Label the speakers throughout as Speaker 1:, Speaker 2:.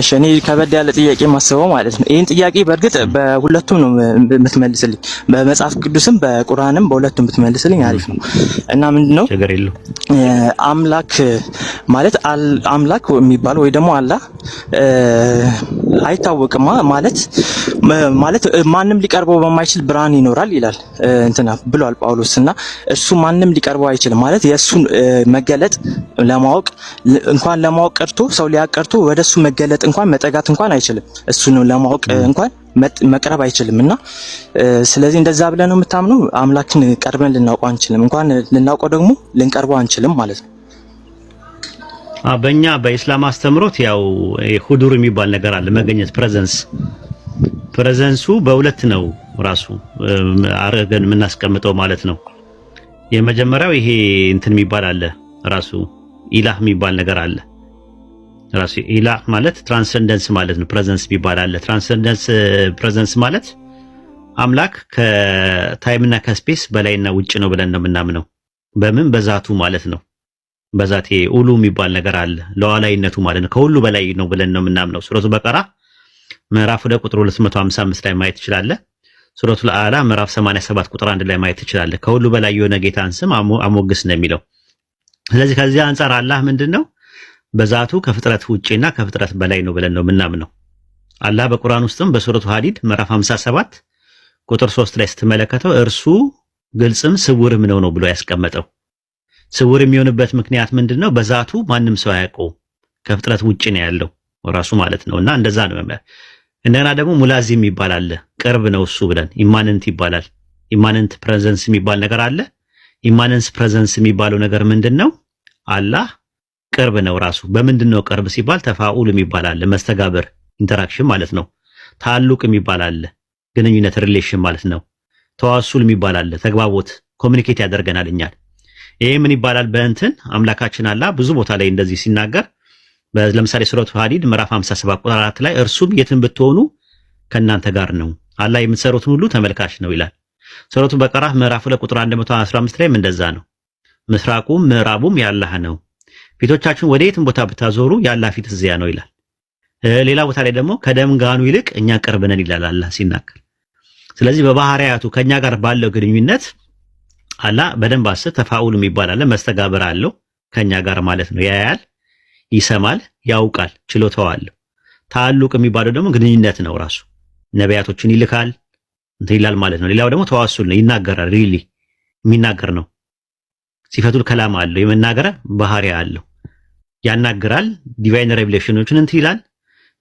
Speaker 1: እሺ እኔ ከበድ ያለ ጥያቄ ማስበው ማለት ነው። ይህን ጥያቄ በእርግጥ በሁለቱም ነው የምትመልስልኝ፣ በመጽሐፍ ቅዱስም በቁርአንም በሁለቱም ብትመልስልኝ አሪፍ ነው እና ምንድነው አምላክ ማለት አምላክ የሚባለው ወይ ደግሞ አላህ አይታወቅማ ማለት ማለት ማንም ሊቀርበው በማይችል ብርሃን ይኖራል ይላል እንትና ብሏል ጳውሎስ። እና እሱ ማንም ሊቀርበው አይችልም ማለት የእሱን መገለጥ ለማወቅ እንኳን ለማወቅ ቀርቶ ሰው ሊያቀርቶ ወደ እሱ መገለጥ እንኳን መጠጋት እንኳን አይችልም። እሱን ለማወቅ እንኳን መቅረብ አይችልም። እና ስለዚህ እንደዛ ብለን ነው የምታምነው። አምላክን ቀርበን ልናውቀው አንችልም፣ እንኳን ልናውቀው ደግሞ ልንቀርበው አንችልም ማለት ነው።
Speaker 2: በእኛ በኢስላም አስተምሮት ያው ሁዱር የሚባል ነገር አለ። መገኘት ፕሬዘንስ ፕሬዘንሱ በሁለት ነው ራሱ አረገን የምናስቀምጠው ማለት ነው። የመጀመሪያው ይሄ እንትን የሚባል አለ ራሱ ኢላህ የሚባል ነገር አለ ራሱ ኢላህ ማለት ትራንሰንደንስ ማለት ነው። ፕሬዘንስ የሚባል አለ ትራንሰንደንስ ፕሬዘንስ ማለት አምላክ ከታይምና ከስፔስ በላይና ውጭ ነው ብለን ነው የምናምነው። በምን በዛቱ ማለት ነው በዛቴ ኡሉ የሚባል ነገር አለ። ለዋላይነቱ ማለት ነው። ከሁሉ በላይ ነው ብለን ነው የምናምነው። ሱረቱ በቀራ ምዕራፍ ወደ ቁጥር 255 ላይ ማየት ትችላለህ። ሱረቱ ለአላ ምዕራፍ 87 ቁጥር 1 ላይ ማየት ትችላለህ። ከሁሉ በላይ የሆነ ጌታን ስም አሞግስ ነው የሚለው። ስለዚህ ከዚህ አንጻር አላህ ምንድን ነው በዛቱ ከፍጥረት ውጪና ከፍጥረት በላይ ነው ብለን ነው የምናምነው። አላህ በቁርአን ውስጥም በሱረቱ ሐዲድ ምዕራፍ 57 ቁጥር 3 ላይ ስትመለከተው እርሱ ግልጽም ስውርም ነው ነው ብሎ ያስቀመጠው ስውር የሚሆንበት ምክንያት ምንድን ነው? በዛቱ ማንም ሰው አያውቀው ከፍጥረት ውጭ ነው ያለው ራሱ ማለት ነው። እና እንደዛ ነው እንደገና ደግሞ ሙላዚም የሚባል አለ። ቅርብ ነው እሱ ብለን ኢማነንት ይባላል። ኢማነንት ፕሬዘንስ የሚባል ነገር አለ። ኢማነንስ ፕሬዘንስ የሚባለው ነገር ምንድን ነው? አላህ ቅርብ ነው ራሱ። በምንድን ነው ቅርብ ሲባል ተፋኡል የሚባል አለ፣ መስተጋብር ኢንተራክሽን ማለት ነው። ታሉቅ የሚባል አለ፣ ግንኙነት ሪሌሽን ማለት ነው። ተዋሱል የሚባል አለ፣ ተግባቦት ኮሚኒኬት ያደርገናል ይሄ ምን ይባላል? በእንትን አምላካችን አላ ብዙ ቦታ ላይ እንደዚህ ሲናገር ለምሳሌ ሱረቱ ሐዲድ ምዕራፍ 57 ቁጥር 4 ላይ እርሱም የትን ብትሆኑ ከእናንተ ጋር ነው፣ አላ የምትሰሩትን ሁሉ ተመልካች ነው ይላል። ሱረቱ በቀራ ምዕራፍ 2 ቁጥር 115 ላይም እንደዛ ነው። ምስራቁም ምዕራቡም ያላህ ነው፣ ፊቶቻችሁን ወደ የትን ቦታ ብታዞሩ ያላህ ፊት እዚያ ነው ይላል። ሌላ ቦታ ላይ ደግሞ ከደምጋኑ ይልቅ እኛ ቅርብ ነን ይላል አላህ ሲናገር። ስለዚህ በባህሪያቱ ከኛ ጋር ባለው ግንኙነት አላ በደንብ አስ ተፋውል የሚባል አለ መስተጋብር አለው ከኛ ጋር ማለት ነው። ያያል፣ ይሰማል፣ ያውቃል፣ ችሎታው አለው። ታሉቅ የሚባለው ደግሞ ግንኙነት ነው። ራሱ ነቢያቶችን ይልካል እንትን ይላል ማለት ነው። ሌላው ደግሞ ተዋሱል ነው። ይናገራል፣ ሪሊ የሚናገር ነው። ሲፈቱል ከላም አለው የመናገር ባህሪ አለው። ያናግራል፣ ዲቫይን ሬቪሌሽኖችን እንትን ይላል፣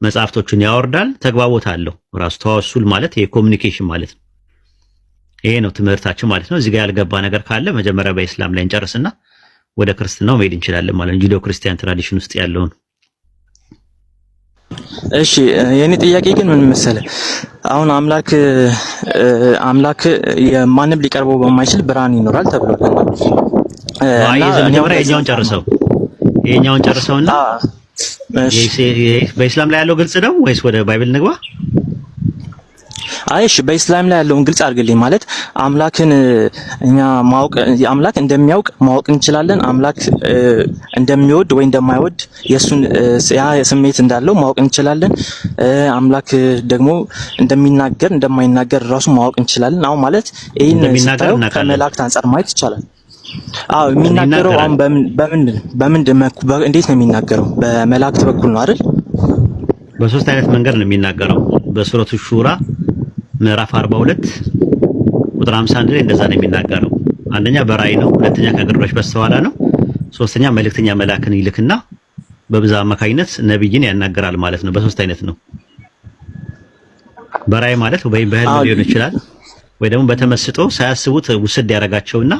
Speaker 2: መጽሐፍቶችን ያወርዳል፣ ተግባቦት አለው። ራሱ ተዋሱል ማለት የኮሚኒኬሽን ማለት ነው። ይሄ ነው ትምህርታችን ማለት ነው። እዚህ ጋር ያልገባ ነገር ካለ መጀመሪያ በኢስላም ላይ እንጨርስና ወደ ክርስትናው መሄድ እንችላለን ማለት ነው። ጁዶ ክርስቲያን ትራዲሽን ውስጥ ያለውን
Speaker 1: እሺ የኔ ጥያቄ ግን ምን መሰለ፣ አሁን አምላክ አምላክ የማንም ሊቀርበው በማይችል ብርሃን ይኖራል
Speaker 2: ተብሏል። መጀመሪያ የኛውን ጨርሰው የኛውን ጨርሰውና በኢስላም ላይ ያለው ግልጽ ነው ወይስ ወደ ባይብል ንግባ?
Speaker 1: አይሽ በኢስላም ላይ ያለውን ግልጽ አድርግልኝ። ማለት አምላክን እኛ ማወቅ አምላክ እንደሚያውቅ ማወቅ እንችላለን። አምላክ እንደሚወድ ወይ እንደማይወድ የሱን ያ ስሜት እንዳለው ማወቅ እንችላለን። አምላክ ደግሞ እንደሚናገር እንደማይናገር ራሱ ማወቅ እንችላለን። አሁን ማለት ይሄን ስታየው ከመላእክት አንጻር ማየት ይቻላል። አዎ የሚናገረው አሁን በምን በምን እንዴት ነው የሚናገረው? በመላእክት በኩል ነው አይደል?
Speaker 2: በሶስት አይነት መንገድ ነው የሚናገረው በሱረቱ ሹራ ምዕራፍ 42 ቁጥር 51 ላይ እንደዛ ነው የሚናገረው። አንደኛ በራእይ ነው፣ ሁለተኛ ከግርዶች በስተኋላ ነው፣ ሶስተኛ መልእክተኛ መልአክን ይልክና በብዛ አማካኝነት ነብይን ያናገራል ማለት ነው። በሶስት አይነት ነው በራእይ ማለት ወይ በህልም ሊሆን ይችላል ወይ ደግሞ በተመስጦ ሳያስቡት ውስድ ያደረጋቸውና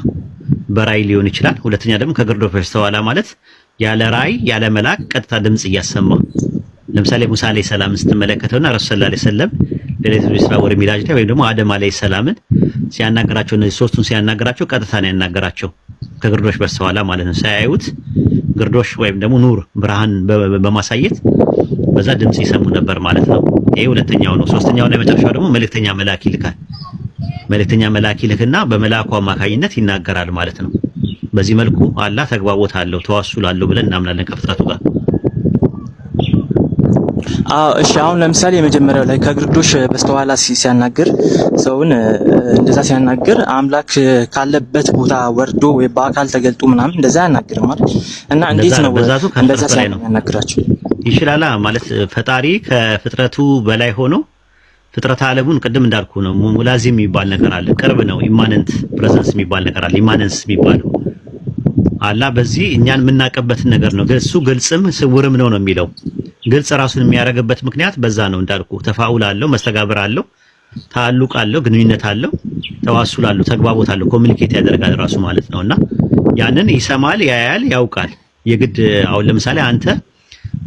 Speaker 2: በራእይ ሊሆን ይችላል። ሁለተኛ ደግሞ ከግርዶች በስተኋላ ማለት ያለ ራእይ ያለ መልአክ ቀጥታ ድምጽ እያሰማ ለምሳሌ ሙሳ አለይሂ ሰላም ስትመለከተውና ረሱላህ ሰለላሁ ዐለይሂ ወሰለም ለሌሎች ስራ ወደ ሚራጅ ላይ ወይም ደግሞ አደም አለይ ሰላምን ሲያናገራቸው እነዚህ ሶስቱን ሲያናገራቸው ቀጥታ ነው ያናገራቸው ከግርዶሽ በስተኋላ ማለት ነው። ሳያዩት ግርዶሽ ወይም ደግሞ ኑር ብርሃን በማሳየት በዛ ድምጽ ይሰሙ ነበር ማለት ነው። ይሄ ሁለተኛው ነው። ሶስተኛው ላይ መጨረሻው ደግሞ መልእክተኛ መልአክ ይልካል። መልእክተኛ መልአክ ይልክና በመልአኩ አማካኝነት ይናገራል ማለት ነው። በዚህ መልኩ አላህ ተግባቦት አለው ተዋሱል አለው ብለን እናምናለን ከፍጥረቱ ጋር እሺ አሁን ለምሳሌ የመጀመሪያው ላይ ከግርዶሽ በስተኋላ ሲያናግር ሰውን እንደዛ ሲያናግር አምላክ ካለበት ቦታ ወርዶ ወይ በአካል ተገልጦ ምናምን እንደዛ ያናግር ማለት እና እንዴት ነው እንደዛ ሲያናግራቸው ይችላላ ማለት ፈጣሪ ከፍጥረቱ በላይ ሆኖ ፍጥረት ዓለሙን ቅድም እንዳልኩ ነው። ሙላዚም የሚባል ነገር አለ። ቅርብ ነው። ኢማነንት ፕሬዘንስ የሚባል ነገር አለ። ኢማነንስ የሚባለው አላ በዚህ እኛን የምናቀበትን ነገር ነው። እሱ ግልጽም ስውርም ነው ነው የሚለው ግልጽ ራሱን የሚያደርግበት ምክንያት በዛ ነው እንዳልኩ ተፋውል አለው፣ መስተጋብር አለው፣ ታሉቅ አለው፣ ግንኙነት አለው፣ ተዋሱል አለው፣ ተግባቦት አለው፣ ኮሚኒኬት ያደርጋል ራሱ ማለት ነውና ያንን ይሰማል፣ ያያል፣ ያውቃል። የግድ አሁን ለምሳሌ አንተ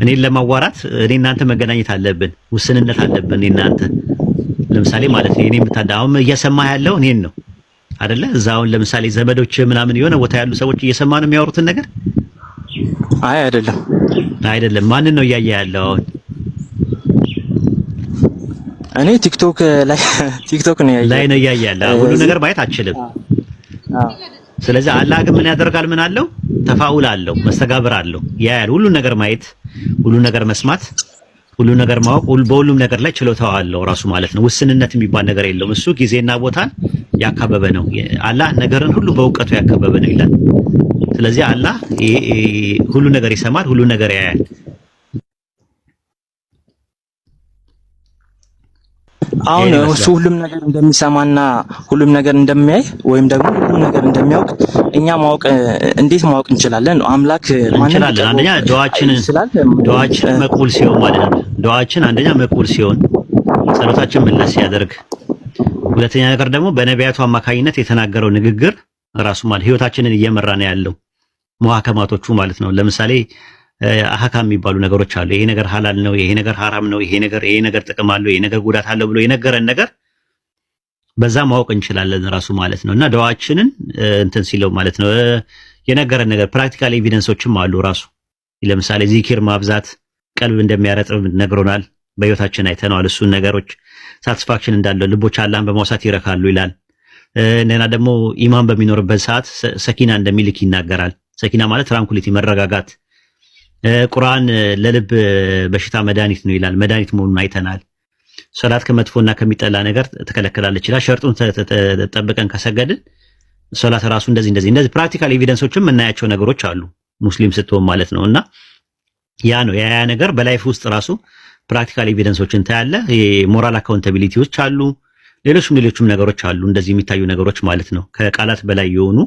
Speaker 2: እኔን ለማዋራት እኔ እናንተ መገናኘት አለብን፣ ውስንነት አለብን። እኔ እናንተ ለምሳሌ ማለት እኔ የምታዳውም እየሰማ ያለው እኔን ነው አይደለ? እዛ አሁን ለምሳሌ ዘመዶች ምናምን የሆነ ቦታ ያሉ ሰዎች እየሰማ ነው የሚያወሩትን ነገር አይ አይደለም፣ አይደለም። ማንን ነው እያየ ያለው አሁን? እኔ ቲክቶክ ላይ ቲክቶክ ነው ያየ ላይ ነው እያየ ያለው። ሁሉ ነገር ማየት አችልም። ስለዚህ አላህ ግን ምን ያደርጋል? ምን አለው? ተፋውል አለው፣ መስተጋብር አለው። ያያል። ሁሉ ነገር ማየት፣ ሁሉ ነገር መስማት፣ ሁሉ ነገር ማወቅ፣ በሁሉም ነገር ላይ ችሎታው አለው ራሱ ማለት ነው። ውስንነት የሚባል ነገር የለውም። እሱ ጊዜና ቦታን ያካበበ ነው። አላህ ነገርን ሁሉ በእውቀቱ ያካበበ ነው ይላል። ስለዚህ አላህ ሁሉ ነገር ይሰማል፣ ሁሉ ነገር ያያል። አሁን እሱ ሁሉም ነገር እንደሚሰማና ሁሉም ነገር እንደሚያይ ወይም ደግሞ ሁሉም ነገር እንደሚያውቅ እኛ ማወቅ እንዴት ማወቅ እንችላለን? ነው አምላክ እንችላለን። አንደኛ ዱዓችንን ዱዓችን መቅቡል ሲሆን ማለት ነው። ዱዓችን አንደኛ መቅቡል ሲሆን ጸሎታችን መለስ ሲያደርግ፣ ሁለተኛ ነገር ደግሞ በነቢያቱ አማካኝነት የተናገረው ንግግር ራሱ ማለት ህይወታችንን እየመራ ነው ያለው። መዋከማቶቹ ማለት ነው። ለምሳሌ አሀካ የሚባሉ ነገሮች አሉ። ይሄ ነገር ሀላል ነው፣ ይሄ ነገር ሀራም ነው፣ ይሄ ነገር ይሄ ነገር ጥቅም አለው፣ ይሄ ነገር ጉዳት አለው ብሎ የነገረን ነገር በዛ ማወቅ እንችላለን ራሱ ማለት ነው። እና ደዋችንን እንትን ሲለው ማለት ነው የነገረን ነገር ፕራክቲካል ኤቪደንሶችም አሉ ራሱ። ለምሳሌ ዚኪር ማብዛት ቀልብ እንደሚያረጥብ ነግሮናል። በህይወታችን አይተነዋል። እሱን ነገሮች ሳትስፋክሽን እንዳለው ልቦች አላህን በማውሳት ይረካሉ ይላል። እንደና ደግሞ ኢማን በሚኖርበት ሰዓት ሰኪና እንደሚልክ ይናገራል። ሰኪና ማለት ትራንኩሊቲ መረጋጋት። ቁርአን ለልብ በሽታ መድኃኒት ነው ይላል። መድኃኒት መሆኑን አይተናል። ሶላት ከመጥፎና ከሚጠላ ነገር ትከለክላለች ይላል። ሸርጡን ተጠብቀን ከሰገድን ሶላት ራሱ እንደዚህ እንደዚህ እንደዚህ ፕራክቲካል ኤቪደንሶችም የምናያቸው ነገሮች አሉ ሙስሊም ስትሆን ማለት ነው። እና ያ ነው ያ ነገር በላይፍ ውስጥ ራሱ ፕራክቲካል ኤቪደንሶችን ታያለ። ሞራል አካውንታቢሊቲዎች አሉ፣ ሌሎችም ሌሎችም ነገሮች አሉ እንደዚህ የሚታዩ ነገሮች ማለት ነው ከቃላት በላይ የሆኑ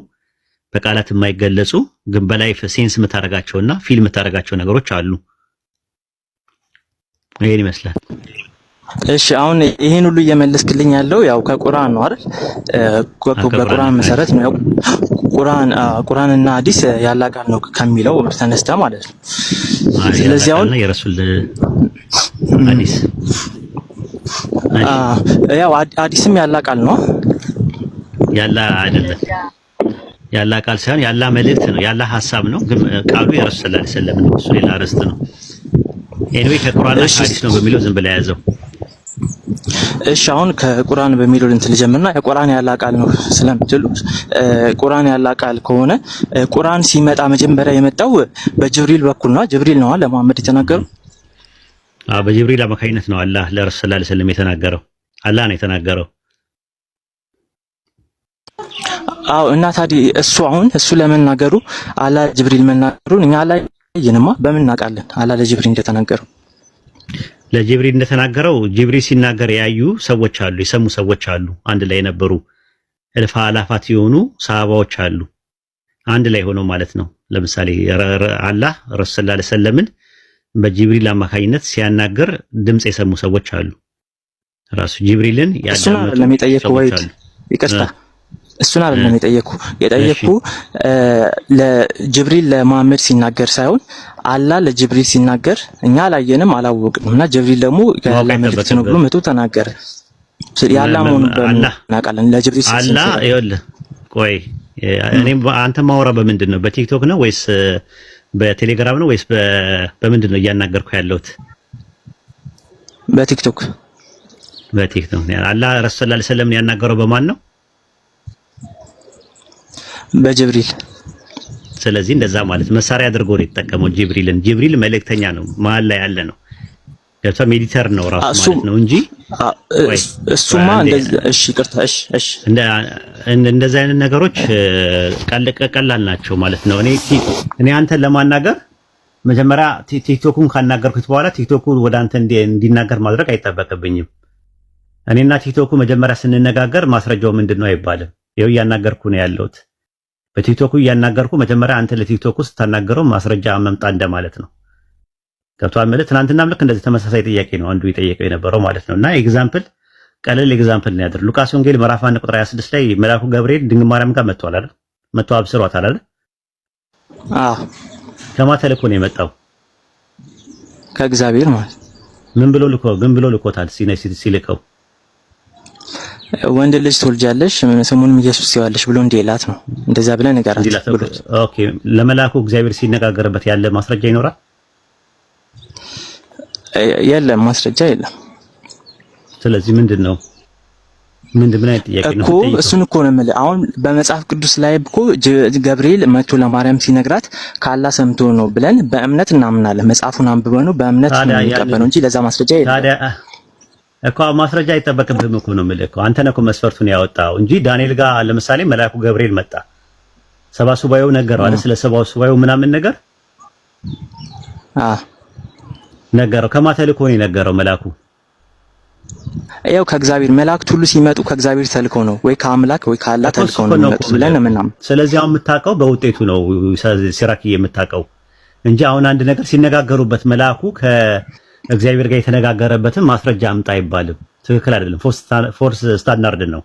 Speaker 2: በቃላት የማይገለጹ ግን በላይፍ ሴንስ የምታደርጋቸውና ፊልም የምታደርጋቸው ነገሮች አሉ። ይሄን ይመስላል። እሺ አሁን ይሄን ሁሉ እየመለስክልኝ ያለው ያው ከቁርአን ነው አይደል? በቁርአን መሰረት ነው ያው ቁርአን ቁርአንና ሐዲስ ያላ ቃል ነው ከሚለው ተነስተ ማለት ነው። ስለዚህ አሁን የረሱል ሐዲስ ያው ሐዲስም ያላ ቃል ነው ያላ አይደለም ያላ ቃል ሳይሆን ያላ መልእክት ነው፣ ያላ ሀሳብ ነው። ግን ቃሉ የረሱ ሰለላሁ ዐለይሂ ነው፣ እሱ ሌላ ርስት ነው። ኤኒዌይ ከቁርአን ሐዲስ ነው በሚለው ዝም ብለህ ያዘው። እሺ አሁን ከቁርአን በሚለው እንትን ልጀምርና ቁርአን ያላ ቃል ነው ስለምትሉ ቁርአን ያላ ቃል ከሆነ ቁርአን ሲመጣ መጀመሪያ የመጣው በጅብሪል በኩል ነው። ጅብሪል ነው አለ መሐመድ የተናገረው። አዎ በጅብሪል አማካኝነት ነው አላህ ለረሱ ሰለላሁ ዐለይሂ ወሰለም የተናገረው። አላህ ነው የተናገረው። አዎ። እና ታዲያ እሱ አሁን እሱ ለመናገሩ አላ ጅብሪል መናገሩን እኛ ላይ ይንማ በምን እናውቃለን? አላ ለጅብሪል እንደተናገረው ለጅብሪል እንደተናገረው ጅብሪል ሲናገር ያዩ ሰዎች አሉ፣ የሰሙ ሰዎች አሉ፣ አንድ ላይ የነበሩ እልፍ አላፋት የሆኑ ሰሃባዎች አሉ፣ አንድ ላይ ሆነው ማለት ነው። ለምሳሌ አላህ ረሱል ሰለላሁ ዐለይሂ ወሰለምን በጅብሪል አማካኝነት ሲያናገር ድምፅ የሰሙ ሰዎች አሉ። ራሱ ጅብሪልን ያዳመጡ ሰዎች አሉ። እሱን አይደለም የጠየኩ የጠየኩ ለጅብሪል ለመሐመድ ሲናገር ሳይሆን አላ ለጅብሪል ሲናገር እኛ አላየንም አላወቅንም እና ጅብሪል ደግሞ ያላ መልእክት ነው ብሎ መቶ ተናገረ። ያላ መሆኑ በእናውቃለን። ለጅብሪል አላ ይወል ቆይ እኔም አንተ ማውራ በምንድን ነው? በቲክቶክ ነው ወይስ በቴሌግራም ነው ወይስ በምንድን ነው እያናገርኩ ያለሁት? በቲክቶክ በቲክቶክ። አላህ ረሱላህ ሰለላሁ ዐለይሂ ያናገረው በማን ነው? በጅብሪል ስለዚህ እንደዛ ማለት መሳሪያ አድርጎ ነው የተጠቀመው ጅብሪልን። ጅብሪል መልእክተኛ ነው፣ መሀል ላይ ያለ ነው ገብቷ ሜዲተር ነው ራሱ ማለት ነው እንጂ እሱማ እሺ፣ ይቅርታ እሺ፣ እሺ፣ እንደዚህ አይነት ነገሮች ቀላል ናቸው ማለት ነው። እኔ እኔ አንተን ለማናገር መጀመሪያ ቲክቶኩን ካናገርኩት በኋላ ቲክቶኩ ወደ አንተ እንዲናገር ማድረግ አይጠበቅብኝም። እኔና ቲክቶኩ መጀመሪያ ስንነጋገር ማስረጃው ምንድን ነው አይባልም። ይኸው እያናገርኩ ነው ያለሁት። በቲክቶኩ እያናገርኩ መጀመሪያ አንተ ለቲክቶክ ውስጥ ታናገረው ማስረጃ መምጣ እንደማለት ነው። ገብቷል ማለት ትናንትናም ልክ እንደዚህ ተመሳሳይ ጥያቄ ነው አንዱ የጠየቀው የነበረው ማለት ነው። እና ኤግዛምፕል ቀለል ኤግዛምፕል ነው ያደረው። ሉቃስ ወንጌል ምዕራፍ 1 ቁጥር 26 ላይ መልአኩ ገብርኤል ድንግል ማርያም ጋር መጥቷል አይደል? መጥቶ አብስሯታል አይደል? አዎ ከማ ተልኮ ነው የመጣው? ከእግዚአብሔር ማለት ምን ብሎ ልኮ ምን ብሎ ልኮታል? ሲልከው ወንድ ልጅ ትወልጃለሽ ስሙንም ኢየሱስ ትይዋለሽ ብሎ እንዲላት ነው። እንደዛ ብለን ንገራት ብሎት ኦኬ። ለመላኩ እግዚአብሔር ሲነጋገርበት ያለ ማስረጃ ይኖራል? የለም፣ ማስረጃ የለም። ስለዚህ ምንድን ነው ምንድን ምን አይነት ጥያቄ ነው? እሱን እኮ ነው የምልህ። አሁን በመጽሐፍ ቅዱስ ላይ እኮ ገብርኤል መጥቶ ለማርያም ሲነግራት ካላ ሰምቶ ነው ብለን በእምነት እናምናለን። መጽሐፉን አንብበን ነው በእምነት ነው እንጂ ለዛ ማስረጃ የለም። ታዲያ እኮ ማስረጃ አይጠበቅብህም እኮ ነው የምልህ እኮ አንተ ነህ እኮ መስፈርቱን ያወጣው እንጂ ዳንኤል ጋር ለምሳሌ መልአኩ ገብርኤል መጣ ሰባ ሱባኤው ነገረው አለ ስለ ሰባ ሱባኤው ምናምን ነገር አህ ነገረው። ከማን ተልኮ ነው የነገረው መልአኩ? ያው ከእግዚአብሔር መላእክት ሁሉ ሲመጡ ከእግዚአብሔር ተልኮ ነው ወይ ከአምላክ ወይ ከአላህ ተልኮ ነው የሚመጡ ብለን ምናምን። ስለዚህ አሁን የምታውቀው በውጤቱ ነው ሲራክዬ የምታውቀው እንጂ አሁን አንድ ነገር ሲነጋገሩበት መልአኩ ከ እግዚአብሔር ጋር የተነጋገረበትን ማስረጃ አምጣ አይባልም። ትክክል አይደለም። ፎርስ ስታንዳርድ ነው።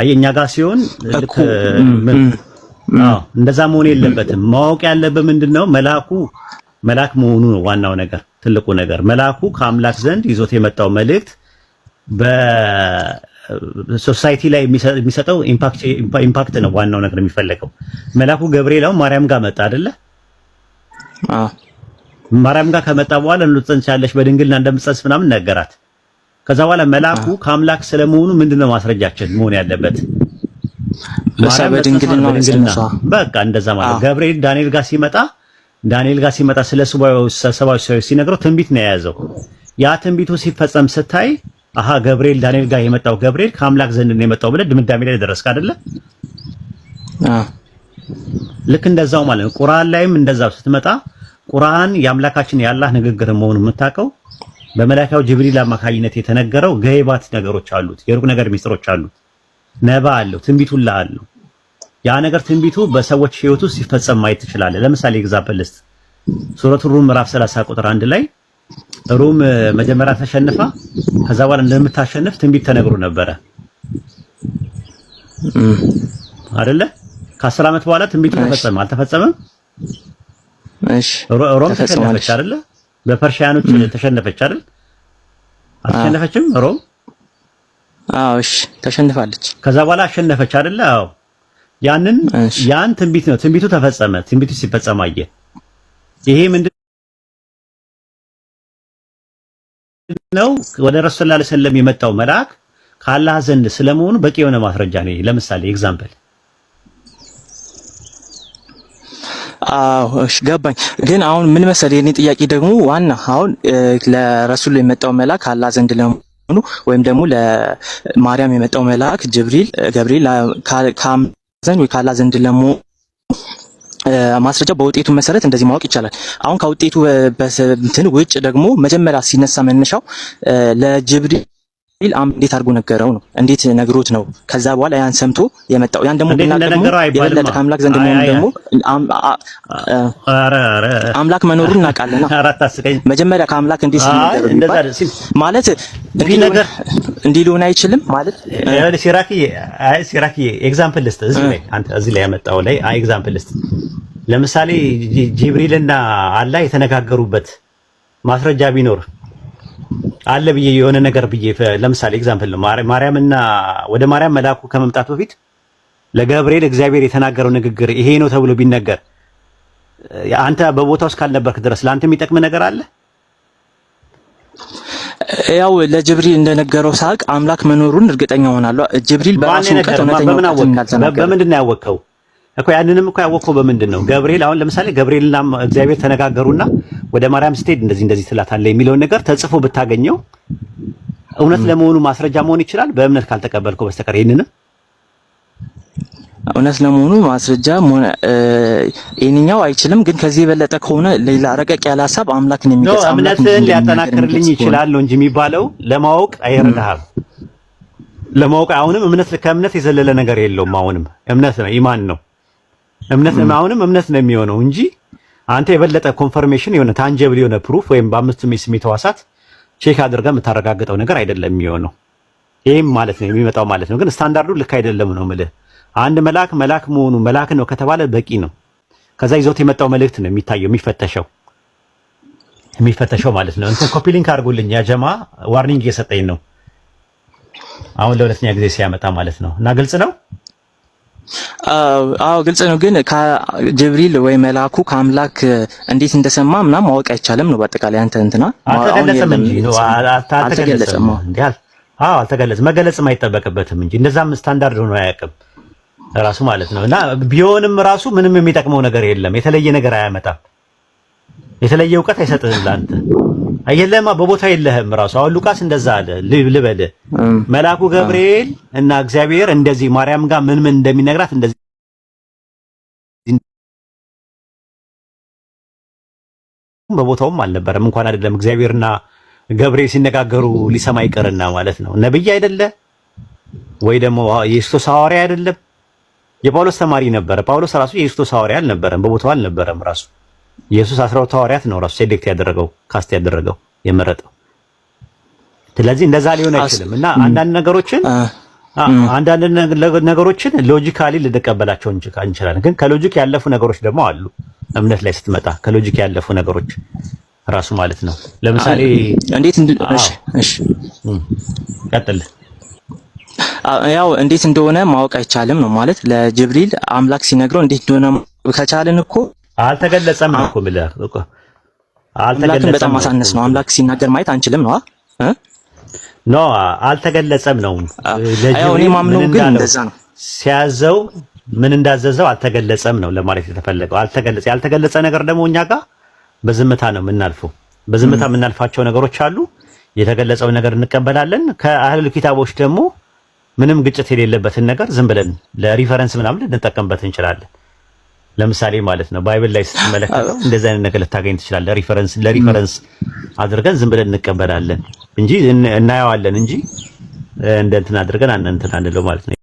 Speaker 2: አየኛ እኛ ጋር ሲሆን እንደዛ መሆን የለበትም። ማወቅ ያለበት ምንድን ነው? መልአኩ መልአክ መሆኑ ነው ዋናው ነገር፣ ትልቁ ነገር መልአኩ ከአምላክ ዘንድ ይዞት የመጣው መልእክት በሶሳይቲ ላይ የሚሰጠው ኢምፓክት ነው ዋናው ነገር የሚፈለገው። መልአኩ ገብርኤል አሁን ማርያም ጋር መጣ አይደለ? ማርያም ጋር ከመጣ በኋላ እንጸንሻለሽ በድንግልና እንደምትጸንስ ምናምን ነገራት። ከዛ በኋላ መልአኩ ከአምላክ ስለመሆኑ ምንድነው ማስረጃችን መሆን ያለበት? በቃ እንደዛ ማለት ገብርኤል ዳንኤል ጋር ሲመጣ ዳንኤል ጋር ሲመጣ ስለ ሰባዊ ሲነግረው ትንቢት ነው የያዘው። ያ ትንቢቱ ሲፈጸም ስታይ አሃ ገብርኤል ዳንኤል ጋር የመጣው ገብርኤል ከአምላክ ዘንድ ነው የመጣው ብለህ ድምዳሜ ላይ ደረስክ አይደለ? ልክ እንደዛው ማለት ነው። ቁርአን ላይም እንደዛው ስትመጣ ቁርአን የአምላካችን የአላህ ንግግር መሆኑን የምታውቀው በመላእክያው ጅብሪል አማካኝነት የተነገረው ገይባት ነገሮች አሉት፣ የሩቅ ነገር ሚስጥሮች አሉት፣ ነባ አለው፣ ትንቢቱላ አለው። ያ ነገር ትንቢቱ በሰዎች ህይወት ውስጥ ሲፈጸም ማየት ትችላለህ። ለምሳሌ ኤግዛምፕል ልስጥ። ሱረቱ ሩም ምዕራፍ 30 ቁጥር አንድ ላይ ሩም መጀመሪያ ተሸንፋ ከዛ በኋላ እንደምታሸንፍ ትንቢት ተነግሮ ነበረ አይደለ? ከአስር ዓመት በኋላ ትንቢቱ ተፈጸመ አልተፈጸመም? እሺ ሮም ተሸነፈች አይደለ? በፐርሺያኖች ተሸነፈች አይደል? አልተሸነፈችም ሮም? አዎ፣ እሺ ተሸንፋለች። ከዛ በኋላ አሸነፈች አይደለ? አዎ። ያንን ያን ትንቢት ነው። ትንቢቱ ተፈጸመ። ትንቢቱ ሲፈጸም አየ። ይሄ ምንድን ወደ ረሱል ሰለላሁ ዐለይሂ ወሰለም የመጣው መልአክ ከአላህ ዘንድ ስለመሆኑ በቂ የሆነ ማስረጃ ነው። ለምሳሌ ኤግዛምፕል እሺ ገባኝ። ግን አሁን ምን መሰለህ የኔ ጥያቄ ደግሞ ዋና አሁን ለረሱል የመጣው መልአክ አላህ ዘንድ ለመሆኑ ወይም ደግሞ ለማርያም የመጣው መልአክ ጅብሪል ገብርኤል ካዘን ወይ ካላህ ዘንድ ለመሆኑ ማስረጃው በውጤቱ መሰረት እንደዚህ ማወቅ ይቻላል። አሁን ከውጤቱ በእንትን ውጭ ደግሞ መጀመሪያ ሲነሳ መነሻው ለጅብሪል ቢል እንዴት አድርጎ ነገረው ነው? እንዴት ነግሮት ነው? ከዛ በኋላ ያን ሰምቶ የመጣው ያን ደግሞ የበለጠ ከአምላክ ዘንድ መሆኑ ደግሞ አምላክ መኖሩን እናውቃለና መጀመሪያ ከአምላክ እንዴት ሲነገር ማለት እንዲህ ሊሆን አይችልም ማለት ሲራኪ ሲራኪ ኤግዛምፕል ልስጥ እዚህ ላይ አንተ እዚህ ላይ ያመጣው ላይ ኤግዛምፕል ልስጥ ለምሳሌ ጅብሪልና አላህ የተነጋገሩበት ማስረጃ ቢኖር አለ ብዬ የሆነ ነገር ብዬ ለምሳሌ ኤግዛምፕል ነው ማርያምና ወደ ማርያም መልአኩ ከመምጣት በፊት ለገብርኤል እግዚአብሔር የተናገረው ንግግር ይሄ ነው ተብሎ ቢነገር አንተ በቦታው እስካልነበርክ ድረስ ለአንተ የሚጠቅም ነገር አለ። ያው ለጅብሪል እንደነገረው ሳቅ አምላክ መኖሩን እርግጠኛ ሆናለሁ። ጅብሪል በራሱ እውቀት እውነተኛ በምንድን ነው እኮ ያንንም እኮ ያወቀው በምንድን ነው? ገብርኤል አሁን ለምሳሌ ገብርኤልና እግዚአብሔር ተነጋገሩና ወደ ማርያም ስትሄድ እንደዚህ እንደዚህ ትላታለህ የሚለውን ነገር ተጽፎ ብታገኘው እውነት ለመሆኑ ማስረጃ መሆን ይችላል፣ በእምነት ካልተቀበልከው በስተቀር ይህንንም እውነት ለመሆኑ ማስረጃ ይህንኛው አይችልም። ግን ከዚህ የበለጠ ከሆነ ሌላ ረቀቅ ያለ ሀሳብ አምላክን የሚገልጽ እምነትን ሊያጠናክርልኝ ይችላል ነው እንጂ የሚባለው ለማወቅ አይረዳህም። ለማወቅ አሁንም እምነት ከእምነት የዘለለ ነገር የለውም። አሁንም እምነት ነው፣ ኢማን ነው። እምነት አሁንም እምነት ነው የሚሆነው እንጂ አንተ የበለጠ ኮንፈርሜሽን የሆነ ታንጀብል የሆነ ፕሩፍ ወይም በአምስቱ የስሜት ሕዋሳት ቼክ አድርገ የምታረጋግጠው ነገር አይደለም የሚሆነው። ይህም ማለት ነው የሚመጣው ማለት ነው። ግን ስታንዳርዱ ልክ አይደለም ነው የምልህ። አንድ መልአክ መልአክ መሆኑ መልአክ ነው ከተባለ በቂ ነው። ከዛ ይዞት የመጣው መልእክት ነው የሚታየው የሚፈተሸው የሚፈተሸው ማለት ነው። እንትን ኮፒ ሊንክ አድርጎልኝ ያጀማ ዋርኒንግ እየሰጠኝ ነው አሁን ለሁለተኛ ጊዜ ሲያመጣ ማለት ነው እና ግልጽ ነው። አዎ ግልጽ ነው። ግን ከጅብሪል ወይ መልአኩ ከአምላክ እንዴት እንደሰማ ምናምን ማወቅ አይቻልም ነው። በአጠቃላይ አንተ እንትና አልተገለጸም። አዎ አልተገለጸም። መገለጽም አይጠበቅበትም እንጂ እንደዛም ስታንዳርድ ሆኖ አያውቅም ራሱ ማለት ነው። እና ቢሆንም ራሱ ምንም የሚጠቅመው ነገር የለም። የተለየ ነገር አያመጣም። የተለየ እውቀት አይሰጥህም ለአንተ አየለማ በቦታ የለህም። ራሱ አሁን ሉቃስ እንደዛ አለ ልበል መልአኩ ገብርኤል እና እግዚአብሔር እንደዚህ ማርያም ጋር ምን ምን እንደሚነግራት እንደዚህ በቦታውም አልነበረም። እንኳን አይደለም እግዚአብሔርና ገብርኤል ሲነጋገሩ ሊሰማ ይቀርና ማለት ነው። ነብይ አይደለ ወይ ደግሞ የክርስቶስ ሐዋርያ አይደለም። የጳውሎስ ተማሪ ነበረ። ጳውሎስ ራሱ የክርስቶስ ሐዋርያ አልነበረም፣ በቦታው አልነበረም ራሱ ኢየሱስ አስራ ሁለት ሐዋርያት ነው ራሱ ሴሌክት ያደረገው ካስት ያደረገው የመረጠው። ስለዚህ እንደዛ ሊሆን አይችልም እና አንዳንድ ነገሮችን አንዳንድ ነገሮችን ሎጂካሊ ልንቀበላቸው እንችላለን፣ ግን ከሎጂክ ያለፉ ነገሮች ደግሞ አሉ። እምነት ላይ ስትመጣ ከሎጂክ ያለፉ ነገሮች ራሱ ማለት ነው። ለምሳሌ እንዴት እሺ፣ እሺ፣ ቀጥል ያው እንዴት እንደሆነ ማወቅ አይቻልም ነው ማለት ለጅብሪል አምላክ ሲነግረው እንዴት እንደሆነ ከቻልን እኮ አልተገለጸም ነው እኮ የምልህ። አምላክን በጣም ማሳነስ ነው። አምላክ ሲናገር ማየት አንችልም ነው ኖ አልተገለጸም ነው። ለጅብሪል ማምነው ግን እንደዛ ነው። ሲያዘው ምን እንዳዘዘው አልተገለጸም ነው ለማለት የተፈለገው። አልተገለጸ ያልተገለጸ ነገር ደግሞ እኛ ጋር በዝምታ ነው የምናልፈው። በዝምታ የምናልፋቸው ነገሮች አሉ። የተገለጸው ነገር እንቀበላለን። ከአህሉል ኪታቦች ደግሞ ምንም ግጭት የሌለበትን ነገር ዝም ብለን ለሪፈረንስ ምናምን ልንጠቀምበት እንችላለን። ለምሳሌ ማለት ነው ባይብል ላይ ስትመለከት እንደዚህ አይነት ነገር ልታገኝ ትችላለህ። ሪፈረንስ ለሪፈረንስ አድርገን ዝም ብለን እንቀበላለን እንጂ እናየዋለን እንጂ እንደ እንትን አድርገን አንተን አንለው ማለት ነው።